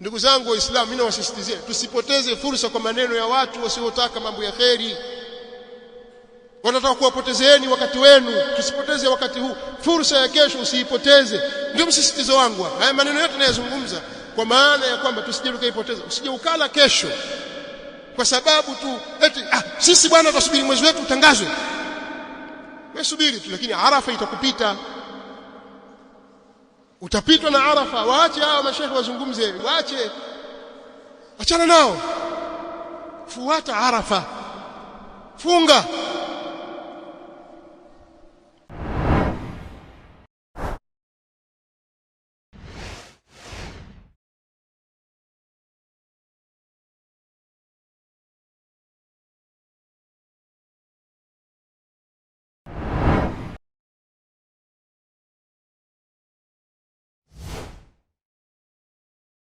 ndugu zangu waislamu mimi nawasisitizia tusipoteze fursa kwa maneno ya watu wasiotaka mambo ya kheri wanataka kuwapotezeeni wakati wenu tusipoteze wakati huu fursa ya kesho usiipoteze ndio msisitizo wangu haya maneno yote nayazungumza kwa maana ya kwamba tusije tukaipoteza usije ukala kesho kwa sababu tu eti ah, sisi bwana tutasubiri mwezi wetu utangazwe wewe subiri tu lakini arafa itakupita utapitwa na Arafa. Waache hawa mashekhe wazungumze, waache, achana nao, fuata Arafa, funga